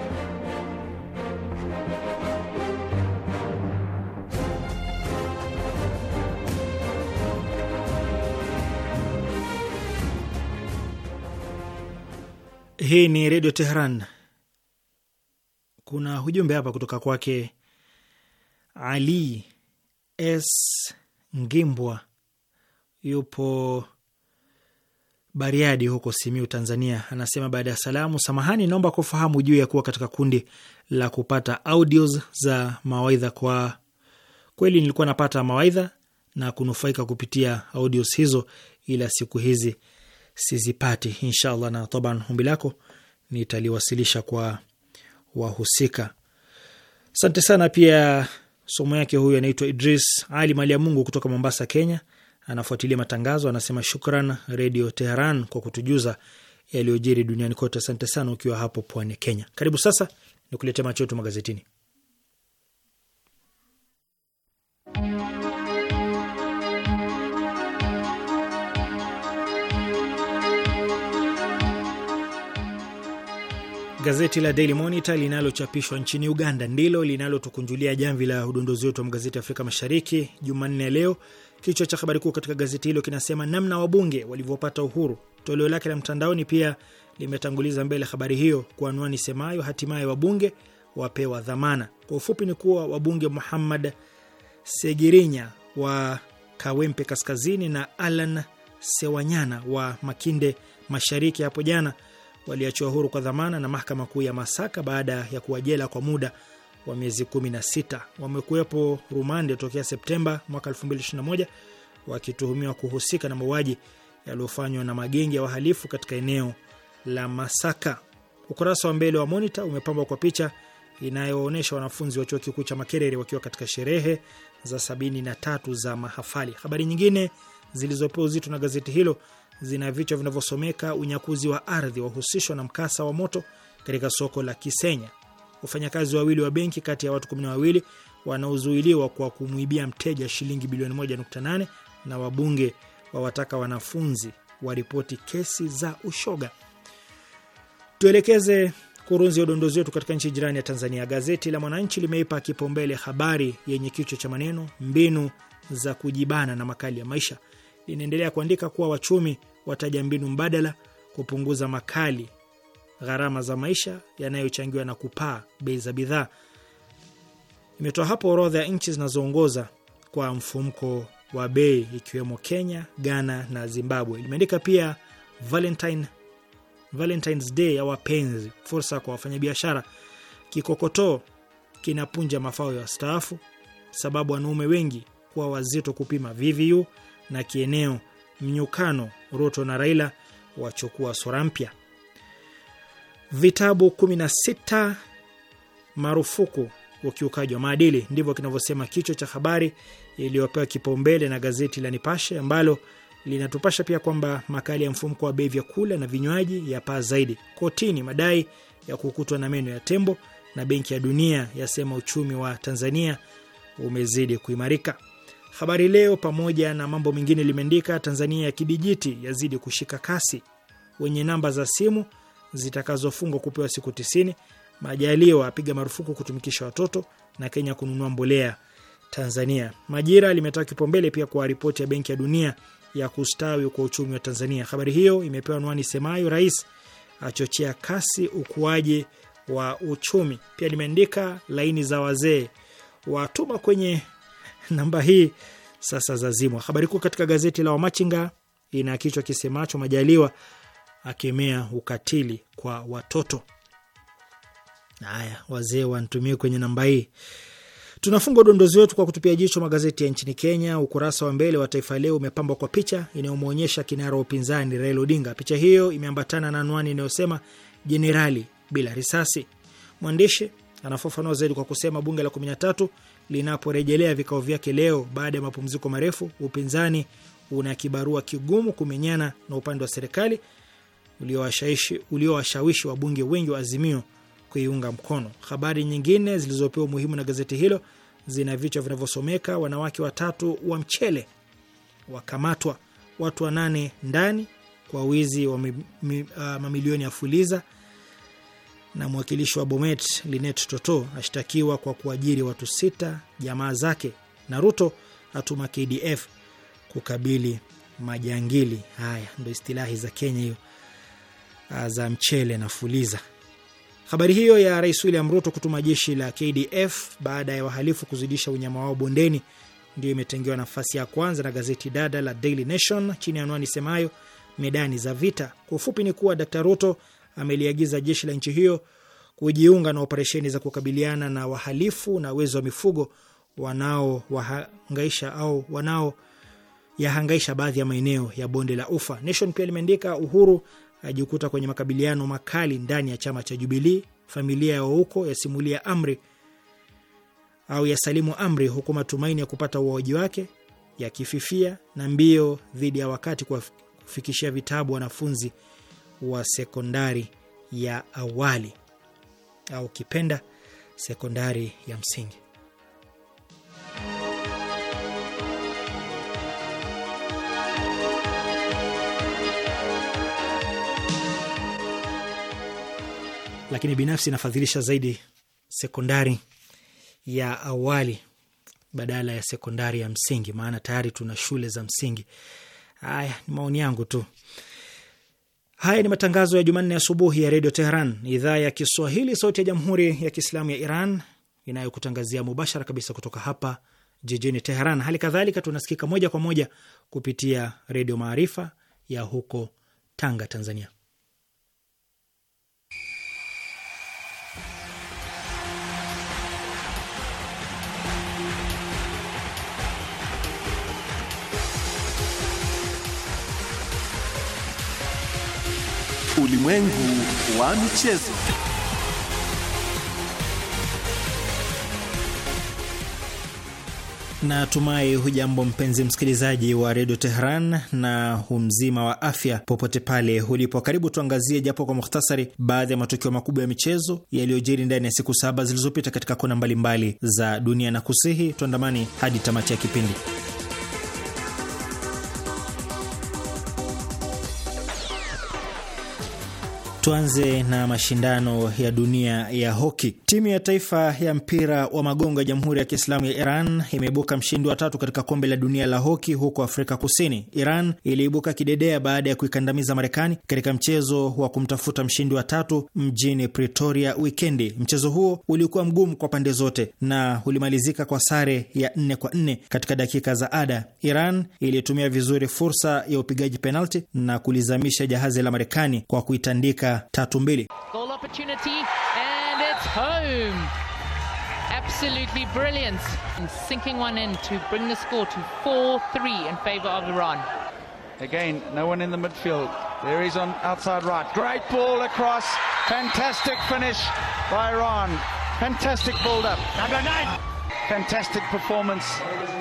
Hii ni Redio Tehran. Kuna hujumbe hapa kutoka kwake Ali S Ngimbwa, yupo Bariadi huko Simiu, Tanzania. Anasema baada ya salamu, samahani, naomba kufahamu juu ya kuwa katika kundi la kupata audios za mawaidha. Kwa kweli nilikuwa napata mawaidha na kunufaika kupitia audios hizo, ila siku hizi sizipati inshallah, na taban humbi lako nitaliwasilisha kwa wahusika. Asante sana. Pia somo yake huyu anaitwa Idris Ali Mali ya Mungu kutoka Mombasa, Kenya, anafuatilia matangazo, anasema shukran Redio Teheran kwa kutujuza yaliyojiri duniani kote. Asante sana ukiwa hapo pwani Kenya. Karibu sasa ni kuletea macho yetu magazetini. Gazeti la Daily Monitor linalochapishwa nchini Uganda ndilo linalotukunjulia jamvi la udondozi wetu wa magazeti ya Afrika Mashariki Jumanne leo. Kichwa cha habari kuu katika gazeti hilo kinasema namna wabunge walivyopata uhuru. Toleo lake la mtandaoni pia limetanguliza mbele habari hiyo kwa anwani semayo hatimaye wabunge wapewa dhamana. Kwa ufupi ni kuwa wabunge Muhammad Segirinya wa Kawempe Kaskazini na Alan Sewanyana wa Makinde Mashariki hapo jana waliachiwa huru kwa dhamana na mahakama kuu ya Masaka baada ya kuwajela kwa muda wa miezi 16. Wamekuwepo rumande tokea Septemba mwaka 2021 wakituhumiwa kuhusika na mauaji yaliyofanywa na magenge ya wahalifu katika eneo la Masaka. Ukurasa wa mbele wa Monita umepambwa kwa picha inayoonyesha wanafunzi wa chuo kikuu cha Makerere wakiwa katika sherehe za 73 za mahafali. Habari nyingine zilizopewa uzito na gazeti hilo zina vichwa vinavyosomeka unyakuzi wa ardhi wahusishwa na mkasa wa moto katika soko la Kisenya, wafanyakazi wawili wa benki kati ya watu kumi na wawili wanaozuiliwa kwa kumwibia mteja shilingi bilioni 1.8 na wabunge wawataka wanafunzi waripoti kesi za ushoga. Tuelekeze kurunzi ya udondozi wetu katika nchi jirani ya Tanzania. Gazeti la Mwananchi limeipa kipaumbele habari yenye kichwa cha maneno mbinu za kujibana na makali ya maisha. Linaendelea kuandika kuwa wachumi wataja mbinu mbadala kupunguza makali gharama za maisha yanayochangiwa na kupaa bei za bidhaa. Imetoa hapo orodha ya nchi zinazoongoza kwa mfumko wa bei ikiwemo Kenya, Ghana na Zimbabwe. Limeandika pia Valentine, Valentines Day ya wapenzi, fursa kwa wafanyabiashara. Kikokotoo kinapunja mafao ya wastaafu, sababu wanaume wengi kuwa wazito kupima VVU na kieneo, mnyukano Ruto na Raila wachukua sura mpya. Vitabu 16 marufuku ukiukaji wa maadili, ndivyo kinavyosema kichwa cha habari iliyopewa kipaumbele na gazeti la Nipashe ambalo linatupasha pia kwamba makali ya mfumko wa bei vyakula na vinywaji ya paa zaidi, kotini madai ya kukutwa na meno ya tembo, na Benki ya Dunia yasema uchumi wa Tanzania umezidi kuimarika. Habari Leo pamoja na mambo mengine limeandika Tanzania ya kidijiti yazidi kushika kasi, wenye namba za simu zitakazofungwa kupewa siku tisini, Majaliwa apiga marufuku kutumikisha watoto na Kenya kununua mbolea Tanzania. Majira limetoa kipaumbele pia kwa ripoti ya Benki ya Dunia ya kustawi kwa uchumi wa Tanzania. Habari hiyo imepewa anwani semayo, rais achochea kasi ukuaji wa uchumi. Pia limeandika laini za wazee watuma kwenye namba hii sasa zazimwa. Habari kuu katika gazeti la Wamachinga ina kichwa kisemacho Majaliwa akemea ukatili kwa watoto. Haya, wazee wantumie kwenye namba hii. Tunafunga udondozi wetu kwa kutupia jicho magazeti ya nchini Kenya. Ukurasa wa mbele wa Taifa Leo umepambwa kwa picha inayomwonyesha kinara wa upinzani Raila Odinga. Picha hiyo imeambatana na anwani inayosema jenerali bila risasi. Mwandishi anafafanua zaidi kwa kusema bunge la tatu linaporejelea vikao vyake leo baada ya mapumziko marefu, upinzani una kibarua kigumu kumenyana na upande wa serikali uliowashawishi wabunge wengi wa Azimio kuiunga mkono. Habari nyingine zilizopewa umuhimu na gazeti hilo zina vichwa vinavyosomeka: wanawake watatu wa mchele wakamatwa, watu wanane ndani kwa wizi wa uh, mamilioni ya fuliza na mwakilishi wa Bomet Linet Toto ashtakiwa kwa kuajiri watu sita jamaa zake, na Ruto atuma KDF kukabili majangili. Haya ndo istilahi za Kenya hiyo ah, za mchele na fuliza. Habari hiyo ya Rais William Ruto kutuma jeshi la KDF baada ya wahalifu kuzidisha unyama wao bondeni ndio imetengewa nafasi ya kwanza na gazeti dada la Daily Nation chini ya anwani semayo medani za vita. Kwa ufupi ni kuwa Dr Ruto ameliagiza jeshi la nchi hiyo kujiunga na operesheni za kukabiliana na wahalifu na wezi wa mifugo wanaowahangaisha au yahangaisha baadhi ya maeneo ya bonde la Ufa. Nation pia limeandika Uhuru ajikuta kwenye makabiliano makali ndani ya chama cha Jubilii, familia ya Wauko yasimulia amri au yasalimu amri, huku matumaini ya kupata uaoji wake yakififia, na mbio dhidi ya wakati kuwafikishia vitabu wanafunzi wa sekondari ya awali au kipenda sekondari ya msingi. Lakini binafsi nafadhilisha zaidi sekondari ya awali badala ya sekondari ya msingi, maana tayari tuna shule za msingi. Haya ni maoni yangu tu. Haya ni matangazo ya Jumanne asubuhi ya redio Teheran, idhaa ya Kiswahili, sauti ya jamhuri ya kiislamu ya Iran, inayokutangazia mubashara kabisa kutoka hapa jijini Teheran. Hali kadhalika tunasikika moja kwa moja kupitia redio Maarifa ya huko Tanga, Tanzania. Ulimwengu wa michezo. Natumai hujambo mpenzi msikilizaji wa redio Tehran na umzima wa afya popote pale ulipo. Karibu tuangazie japo kwa muhtasari baadhi ya matukio makubwa ya michezo yaliyojiri ndani ya siku saba zilizopita katika kona mbalimbali mbali za dunia, na kusihi tuandamani hadi tamati ya kipindi. Tuanze na mashindano ya dunia ya hoki. Timu ya taifa ya mpira wa magongo ya Jamhuri ya Kiislamu ya Iran imeibuka mshindi wa tatu katika kombe la dunia la hoki huko Afrika Kusini. Iran iliibuka kidedea baada ya kuikandamiza Marekani katika mchezo wa kumtafuta mshindi wa tatu mjini Pretoria wikendi. Mchezo huo ulikuwa mgumu kwa pande zote na ulimalizika kwa sare ya nne kwa nne katika dakika za ada. Iran ilitumia vizuri fursa ya upigaji penalti na kulizamisha jahazi la Marekani kwa kuitandika tatu mbili. Goal opportunity and it's home. Absolutely brilliant. sinking one in to bring the score to 4-3 in favor of Iran. Again, no one in the midfield. There There is on outside right. Great ball across. Fantastic finish by Iran. Fantastic build up. Number nine. Fantastic performance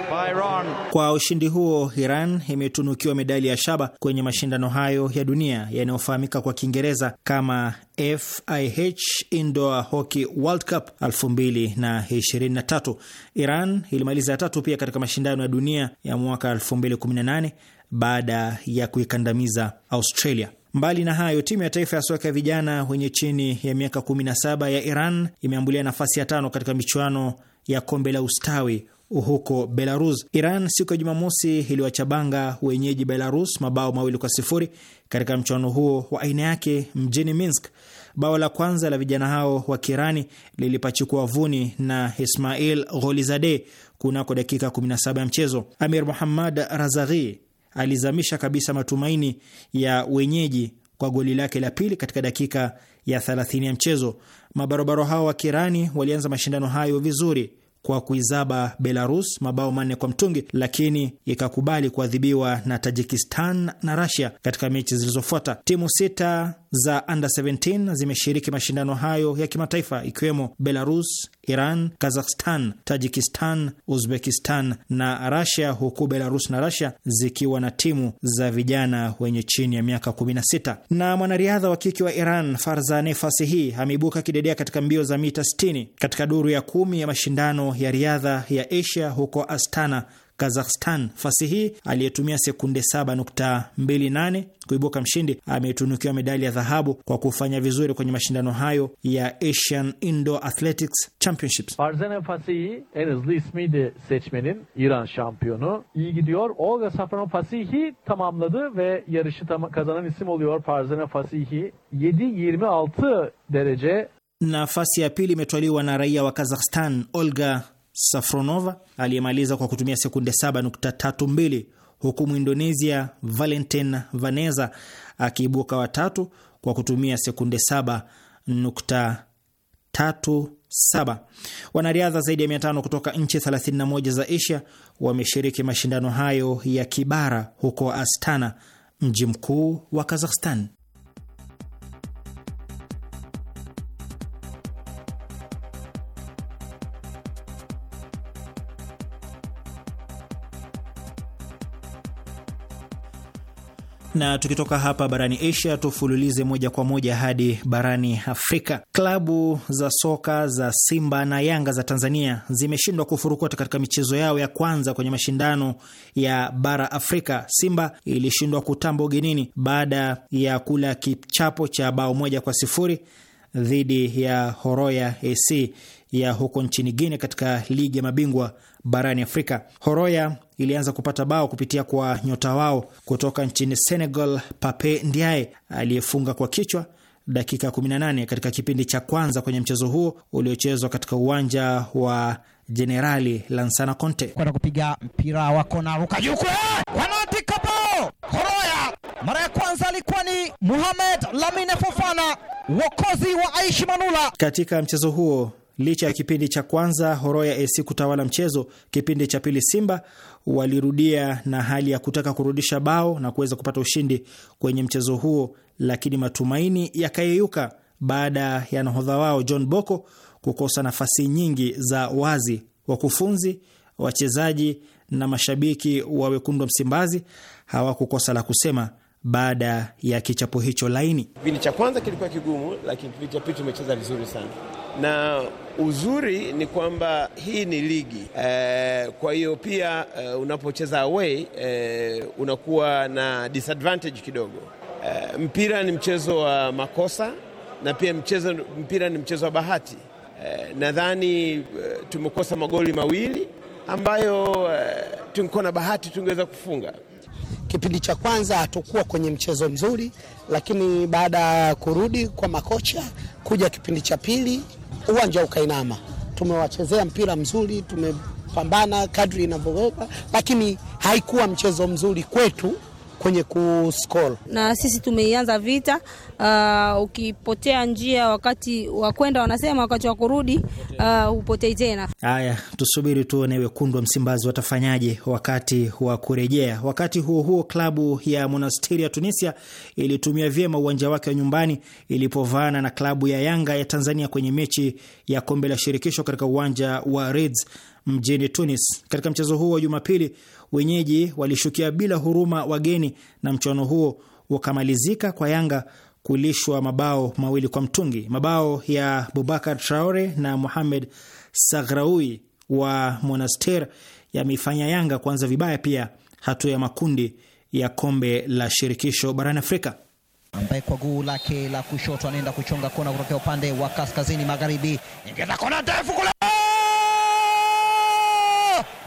by Iran. Kwa ushindi huo Iran imetunukiwa medali ya shaba kwenye mashindano hayo ya dunia yanayofahamika kwa Kiingereza kama FIH Indoor Hockey World Cup 2023. Iran ilimaliza ya tatu pia katika mashindano ya dunia ya mwaka 2018 baada ya kuikandamiza Australia. Mbali na hayo, timu ya taifa ya soka ya vijana wenye chini ya miaka 17 ya Iran imeambulia nafasi ya tano katika michuano ya kombe la ustawi huko Belarus. Iran siku ya Jumamosi iliwachabanga wenyeji Belarus mabao mawili kwa sifuri katika mchuano huo wa aina yake mjini Minsk. Bao la kwanza la vijana hao wa Kirani lilipachukua vuni na Ismail Gholizade kunako dakika 17 ya mchezo. Amir Muhammad Razaghi alizamisha kabisa matumaini ya wenyeji kwa goli lake la pili katika dakika ya 30 ya mchezo. Mabarobaro hao wa Kirani walianza mashindano hayo vizuri kwa kuizaba Belarus mabao manne kwa mtungi, lakini ikakubali kuadhibiwa na Tajikistan na Russia katika mechi zilizofuata. Timu sita za under 17 zimeshiriki mashindano hayo ya kimataifa ikiwemo Belarus, Iran, Kazakhstan, Tajikistan, Uzbekistan na Rasia, huku Belarus na Rasia zikiwa na timu za vijana wenye chini ya miaka 16. Na mwanariadha wa kike wa Iran Farzaneh Fasihi ameibuka kidedea katika mbio za mita 60 katika duru ya kumi ya mashindano ya riadha ya Asia huko Astana Kazakhstan. Fasihi aliyetumia sekunde 7.28 kuibuka mshindi ametunukiwa medali ya dhahabu kwa kufanya vizuri kwenye mashindano hayo ya Asian Indoor Athletics Championships. Farzana Fasihi en hızlı ismi de seçmenin İran şampiyonu. İyi gidiyor. Olga Safronov Fasihi tamamladı ve yarışı tam kazanan isim oluyor Farzana Fasihi. 7.26 derece. Nafasi ya pili imetwaliwa na raia wa Kazakhstan Olga Safronova aliyemaliza kwa kutumia sekunde 7.32 huku Mwindonesia Valentin Vaneza akiibuka watatu kwa kutumia sekunde 7.37. Wanariadha zaidi ya 500 kutoka nchi 31 za Asia wameshiriki mashindano hayo ya kibara huko Astana, mji mkuu wa Kazakhstan. na tukitoka hapa barani Asia tufululize moja kwa moja hadi barani Afrika. Klabu za soka za Simba na Yanga za Tanzania zimeshindwa kufurukuta katika michezo yao ya kwanza kwenye mashindano ya bara Afrika. Simba ilishindwa kutamba ugenini baada ya kula kichapo cha bao moja kwa sifuri dhidi ya Horoya AC ya huko nchini Guinea katika ligi ya mabingwa barani Afrika. Horoya ilianza kupata bao kupitia kwa nyota wao kutoka nchini Senegal, Pape Ndiaye aliyefunga kwa kichwa dakika 18 katika kipindi cha kwanza kwenye mchezo huo uliochezwa katika uwanja wa Jenerali Lansana Conte. Kwenda kupiga mpira wa kona, ruka juu kule, wanaandika bao. Horoya mara ya kwanza alikuwa ni muhamed Lamine Fofana, wokozi wa Aishi Manula. Katika mchezo huo Licha ya kipindi cha kwanza Horoya AC kutawala mchezo, kipindi cha pili Simba walirudia na hali ya kutaka kurudisha bao na kuweza kupata ushindi kwenye mchezo huo, lakini matumaini yakayeyuka baada ya nahodha wao John Boko kukosa nafasi nyingi za wazi. Wakufunzi, wachezaji na mashabiki wa wekundu wa Msimbazi hawakukosa la kusema baada ya kichapo hicho laini. Kipindi cha kwanza kilikuwa kigumu, lakini kipindi cha pili tumecheza vizuri sana na Uzuri ni kwamba hii ni ligi e, kwa hiyo pia e, unapocheza away e, unakuwa na disadvantage kidogo. E, mpira ni mchezo wa makosa na pia mchezo, mpira ni mchezo wa bahati. E, nadhani e, tumekosa magoli mawili ambayo e, tungekuwa na bahati tungeweza kufunga. Kipindi cha kwanza hatukuwa kwenye mchezo mzuri, lakini baada ya kurudi kwa makocha kuja kipindi cha pili uwanja ukainama. Tumewachezea mpira mzuri, tumepambana kadri inavyoweza, lakini haikuwa mchezo mzuri kwetu kwenye kuscroll. Na sisi tumeianza vita uh, ukipotea njia wakati wa kwenda wanasema, wakati wa kurudi uh, hupotei upotei tena. Haya, tusubiri tuone wekundu wa Msimbazi watafanyaje wakati wa kurejea. Wakati huo huo, klabu ya Monasteri ya Tunisia ilitumia vyema uwanja wake wa nyumbani ilipovaana na klabu ya Yanga ya Tanzania kwenye mechi ya kombe la shirikisho katika uwanja wa Reds mjini Tunis. Katika mchezo huo wa Jumapili, wenyeji walishukia bila huruma wageni na mchuano huo ukamalizika kwa Yanga kulishwa mabao mawili kwa mtungi. Mabao ya Bubakar Traore na Muhamed Sagraui wa monaster yameifanya Yanga kuanza vibaya pia hatua ya makundi ya kombe la shirikisho barani Afrika ambaye kwa guu lake la kushoto anaenda kuchonga kona kutokea upande wa kaskazini magharibi, ingeza kona ndefu kule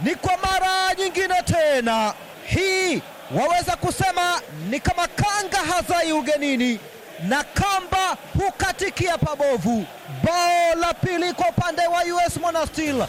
ni kwa mara nyingine tena hii waweza kusema ni kama kanga hazai ugenini na kamba hukatikia pabovu. Bao la pili kwa upande wa US Monastir.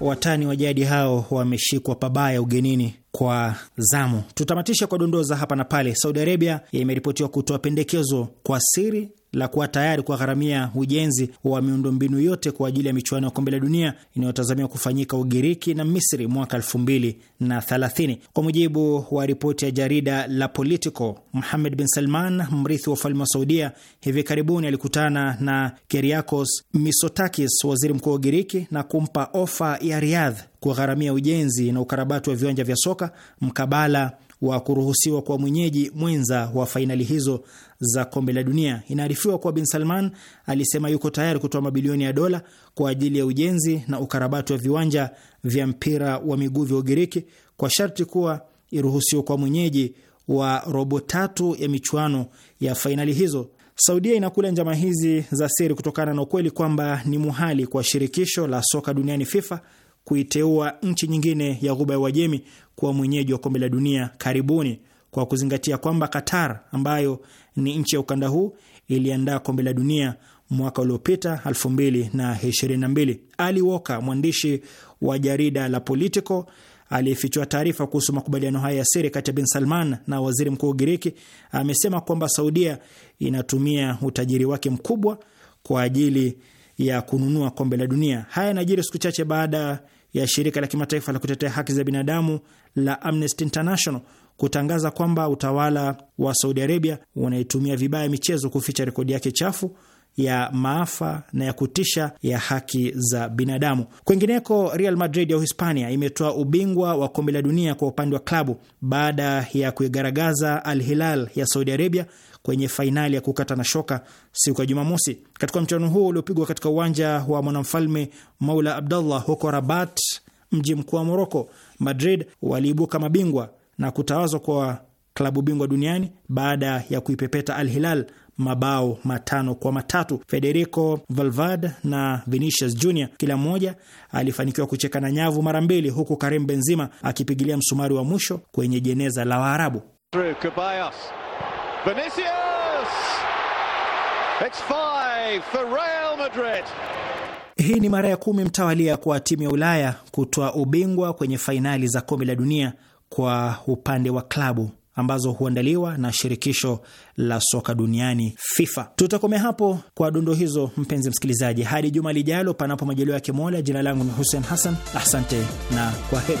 watani wa jadi hao wameshikwa pabaya ugenini kwa zamu. Tutamatisha kwa dondoo za hapa na pale. Saudi Arabia imeripotiwa kutoa pendekezo kwa siri la kuwa tayari kugharamia ujenzi wa miundombinu yote kwa ajili ya michuano ya kombe la dunia inayotazamiwa kufanyika Ugiriki na Misri mwaka 2030. Kwa mujibu wa ripoti ya jarida la Politico, Muhamed bin Salman, mrithi wa ufalme wa Saudia, hivi karibuni alikutana na Keriakos misotakis waziri mkuu wa Ugiriki, na kumpa ofa ya Riyadh kugharamia ujenzi na ukarabati wa viwanja vya soka mkabala wa kuruhusiwa kwa mwenyeji mwenza wa fainali hizo za kombe la dunia. Inaarifiwa kuwa Bin Salman alisema yuko tayari kutoa mabilioni ya dola kwa ajili ya ujenzi na ukarabati wa viwanja vya mpira wa miguu vya Ugiriki kwa sharti kuwa iruhusiwa kwa mwenyeji wa robo tatu ya michuano ya fainali hizo. Saudia inakula njama hizi za siri kutokana na ukweli kwamba ni muhali kwa shirikisho la soka duniani FIFA kuiteua nchi nyingine ya Ghuba ya Uajemi kuwa mwenyeji wa kombe la dunia karibuni kwa kuzingatia kwamba Qatar ambayo ni nchi ya ukanda huu iliandaa kombe la dunia mwaka uliopita 2022. Ali Walker, mwandishi wa jarida la Politico aliyefichua taarifa kuhusu makubaliano haya ya siri kati ya Bin Salman na waziri mkuu Ugiriki, amesema kwamba Saudia inatumia utajiri wake mkubwa kwa ajili ya kununua kombe la dunia. Haya yanajiri siku chache baada ya shirika la kimataifa la kutetea haki za binadamu la Amnesty International kutangaza kwamba utawala wa Saudi Arabia unaitumia vibaya michezo kuficha rekodi yake chafu ya maafa na ya kutisha ya haki za binadamu. Kwengineko, Real Madrid ya Uhispania imetoa ubingwa wa kombe la dunia kwa upande wa klabu baada ya kuigaragaza Al Hilal ya Saudi Arabia kwenye fainali ya kukata na shoka siku ya Jumamosi. Katika mchuano huo uliopigwa katika uwanja wa mwanamfalme Maula abdullah huko Rabat, mji mkuu wa Moroko, Madrid waliibuka mabingwa na kutawazwa kwa klabu bingwa duniani baada ya kuipepeta Al Hilal mabao matano kwa matatu. Federico Valverde na Vinicius Junior kila mmoja alifanikiwa kucheka na nyavu mara mbili, huku Karim Benzema akipigilia msumari wa mwisho kwenye jeneza la Waarabu. Hii ni mara ya kumi mtawalia kwa timu ya Ulaya kutoa ubingwa kwenye fainali za kombe la dunia kwa upande wa klabu ambazo huandaliwa na shirikisho la soka duniani FIFA. Tutakomea hapo kwa dondo hizo, mpenzi msikilizaji, hadi juma lijalo, panapo majaliwa yake Mola. Jina langu ni Hussein Hassan, asante na kwa heri.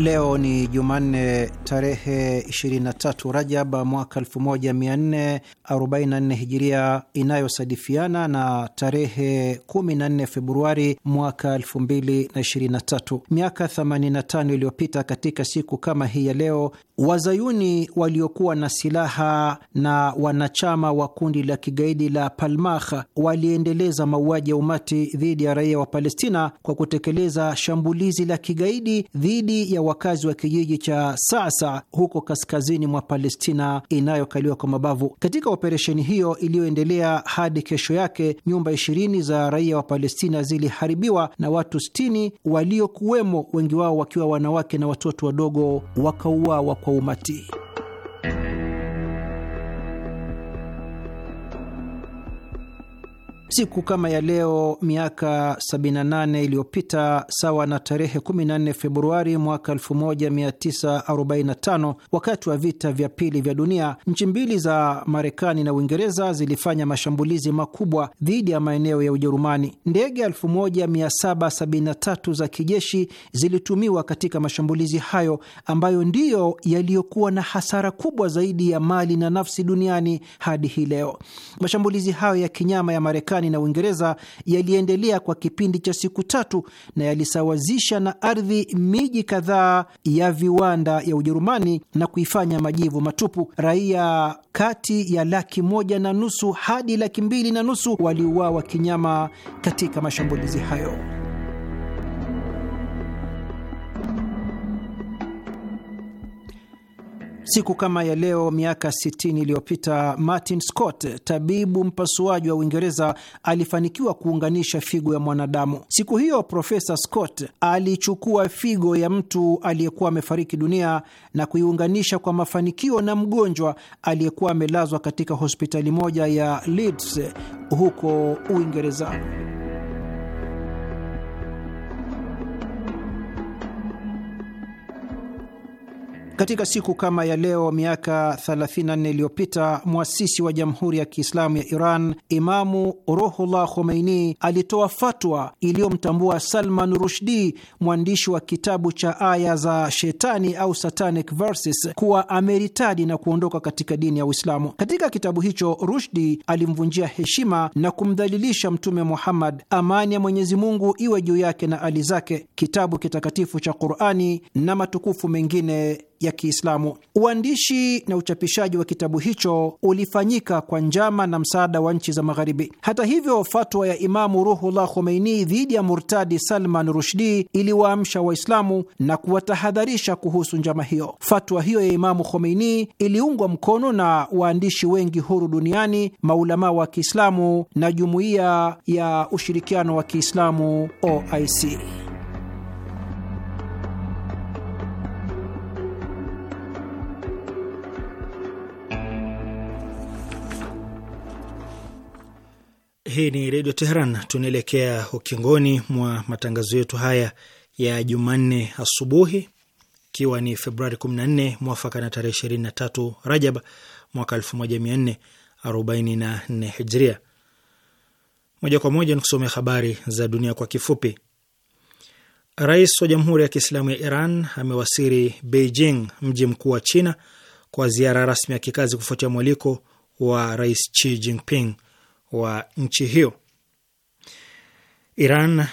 Leo ni Jumanne tarehe 23 Rajab mwaka 1444 Hijiria, inayosadifiana na tarehe 14 Februari mwaka 2023. Miaka 85 iliyopita katika siku kama hii ya leo, wazayuni waliokuwa na silaha na wanachama wa kundi la kigaidi la Palmah waliendeleza mauaji ya umati dhidi ya raia wa Palestina kwa kutekeleza shambulizi la kigaidi dhidi ya wakazi wa kijiji cha Sasa huko kaskazini mwa Palestina inayokaliwa kwa mabavu. Katika operesheni hiyo iliyoendelea hadi kesho yake, nyumba ishirini za raia wa Palestina ziliharibiwa na watu sitini waliokuwemo, wengi wao wakiwa wanawake na watoto wadogo, wakauawa kwa umati. Siku kama ya leo miaka 78 iliyopita, sawa na tarehe 14 Februari mwaka 1945, wakati wa vita vya pili vya dunia, nchi mbili za Marekani na Uingereza zilifanya mashambulizi makubwa dhidi ya maeneo ya Ujerumani. Ndege 1773 za kijeshi zilitumiwa katika mashambulizi hayo ambayo ndiyo yaliyokuwa na hasara kubwa zaidi ya mali na nafsi duniani hadi hii leo. Mashambulizi hayo ya kinyama ya Marekani Marekani na Uingereza yaliendelea kwa kipindi cha siku tatu na yalisawazisha na ardhi miji kadhaa ya viwanda ya Ujerumani na kuifanya majivu matupu. Raia kati ya laki moja na nusu hadi laki mbili na nusu waliuawa kinyama katika mashambulizi hayo. Siku kama ya leo miaka 60 iliyopita Martin Scott, tabibu mpasuaji wa Uingereza, alifanikiwa kuunganisha figo ya mwanadamu. Siku hiyo Profesa Scott alichukua figo ya mtu aliyekuwa amefariki dunia na kuiunganisha kwa mafanikio na mgonjwa aliyekuwa amelazwa katika hospitali moja ya Leeds huko Uingereza. Katika siku kama ya leo miaka 34 iliyopita mwasisi wa Jamhuri ya Kiislamu ya Iran Imamu Ruhullah Khomeini alitoa fatwa iliyomtambua Salman Rushdi, mwandishi wa kitabu cha Aya za Shetani au Satanic Verses, kuwa ameritadi na kuondoka katika dini ya Uislamu. Katika kitabu hicho, Rushdi alimvunjia heshima na kumdhalilisha Mtume Muhammad, amani ya Mwenyezi Mungu iwe juu yake na ali zake, kitabu kitakatifu cha Qurani na matukufu mengine ya Kiislamu. Uandishi na uchapishaji wa kitabu hicho ulifanyika kwa njama na msaada wa nchi za Magharibi. Hata hivyo, fatwa ya Imamu Ruhullah Khomeini dhidi ya murtadi Salman Rushdi iliwaamsha Waislamu na kuwatahadharisha kuhusu njama hiyo. Fatwa hiyo ya Imamu Khomeini iliungwa mkono na waandishi wengi huru duniani, maulamaa wa Kiislamu na Jumuiya ya Ushirikiano wa Kiislamu, OIC. Hii ni Redio Teheran. Tunaelekea ukingoni mwa matangazo yetu haya ya Jumanne asubuhi, ikiwa ni Februari 14 mwafaka na tarehe 23 Rajab mwaka 1444 Hijria. Moja kwa moja ni kusomea habari za dunia kwa kifupi. Rais wa Jamhuri ya Kiislamu ya Iran amewasili Beijing, mji mkuu wa China, kwa ziara rasmi ya kikazi kufuatia mwaliko wa Rais Xi Jinping wa nchi hiyo. Iran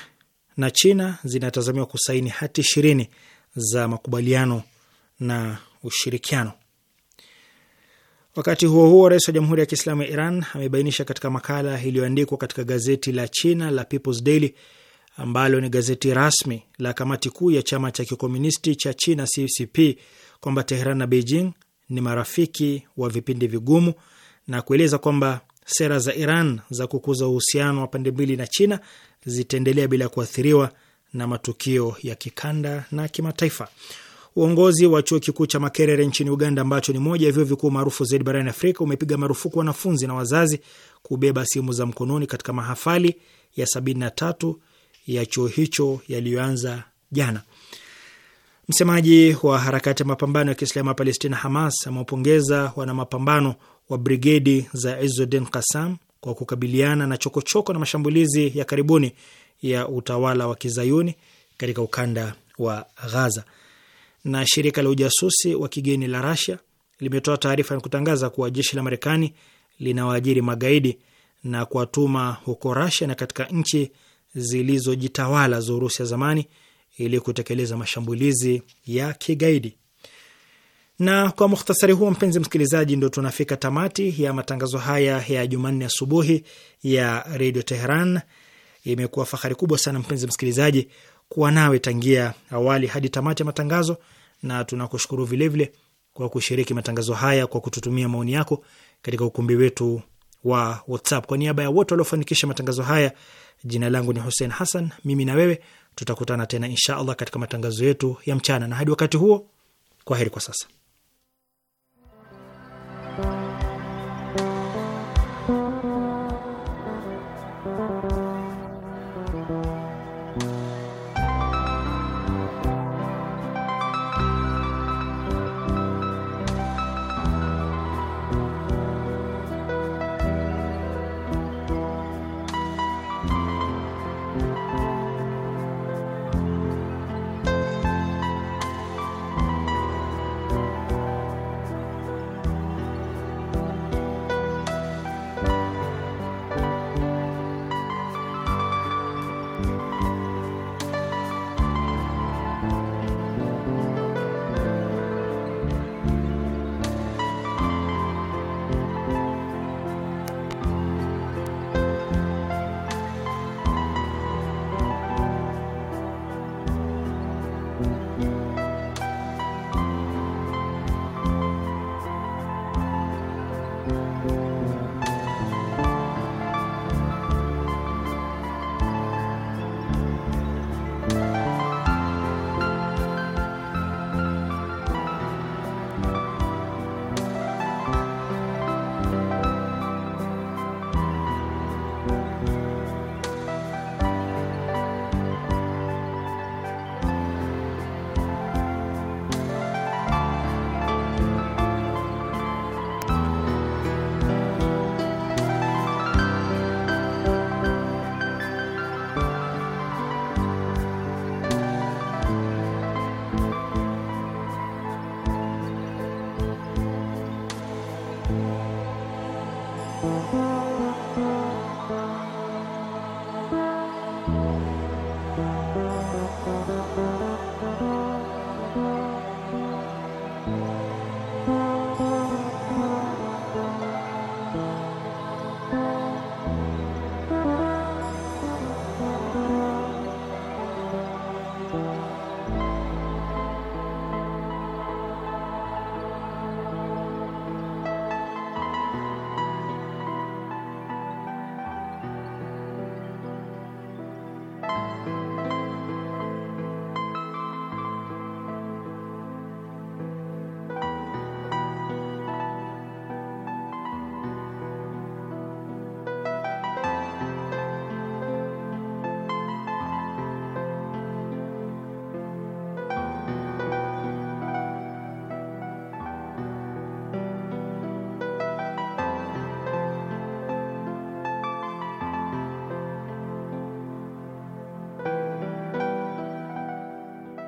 na China zinatazamiwa kusaini hati ishirini za makubaliano na ushirikiano. Wakati huo huo, rais wa Jamhuri ya Kiislamu ya Iran amebainisha katika makala iliyoandikwa katika gazeti la China la People's Daily ambalo ni gazeti rasmi la kamati kuu ya chama cha kikomunisti cha China CCP kwamba Tehran na Beijing ni marafiki wa vipindi vigumu na kueleza kwamba sera za Iran za kukuza uhusiano wa pande mbili na China zitaendelea bila kuathiriwa na matukio ya kikanda na kimataifa. Uongozi wa chuo kikuu cha Makerere nchini Uganda, ambacho ni moja ya vyuo vikuu maarufu zaidi barani Afrika, umepiga marufuku wanafunzi na wazazi kubeba simu za mkononi katika mahafali ya sabini na tatu ya chuo hicho yaliyoanza jana. Msemaji wa harakati ya mapambano ya Kiislamu ya Palestina, Hamas, amewapongeza wanamapambano wa brigedi za Izzuddin Qassam kwa kukabiliana na chokochoko choko na mashambulizi ya karibuni ya utawala wa kizayuni katika ukanda wa Ghaza. Na shirika la ujasusi wa kigeni la Rasia limetoa taarifa ya kutangaza kuwa jeshi la Marekani linawaajiri magaidi na kuwatuma huko Rasia na katika nchi zilizojitawala za Urusi ya zamani ili kutekeleza mashambulizi ya kigaidi. Na kwa mukhtasari huo, mpenzi msikilizaji, ndo tunafika tamati ya matangazo haya ya Jumanne asubuhi ya Redio Teheran. Imekuwa fahari kubwa sana mpenzi msikilizaji kuwa nawe tangia awali hadi tamati ya matangazo, na tunakushukuru vilevile kwa kushiriki matangazo haya kwa kututumia maoni yako katika ukumbi wetu wa WhatsApp. Kwa niaba ya wote waliofanikisha matangazo haya, jina langu ni Hussein Hassan. Mimi na wewe tutakutana tena insha Allah katika matangazo yetu ya mchana, na hadi wakati huo, kwa heri kwa sasa.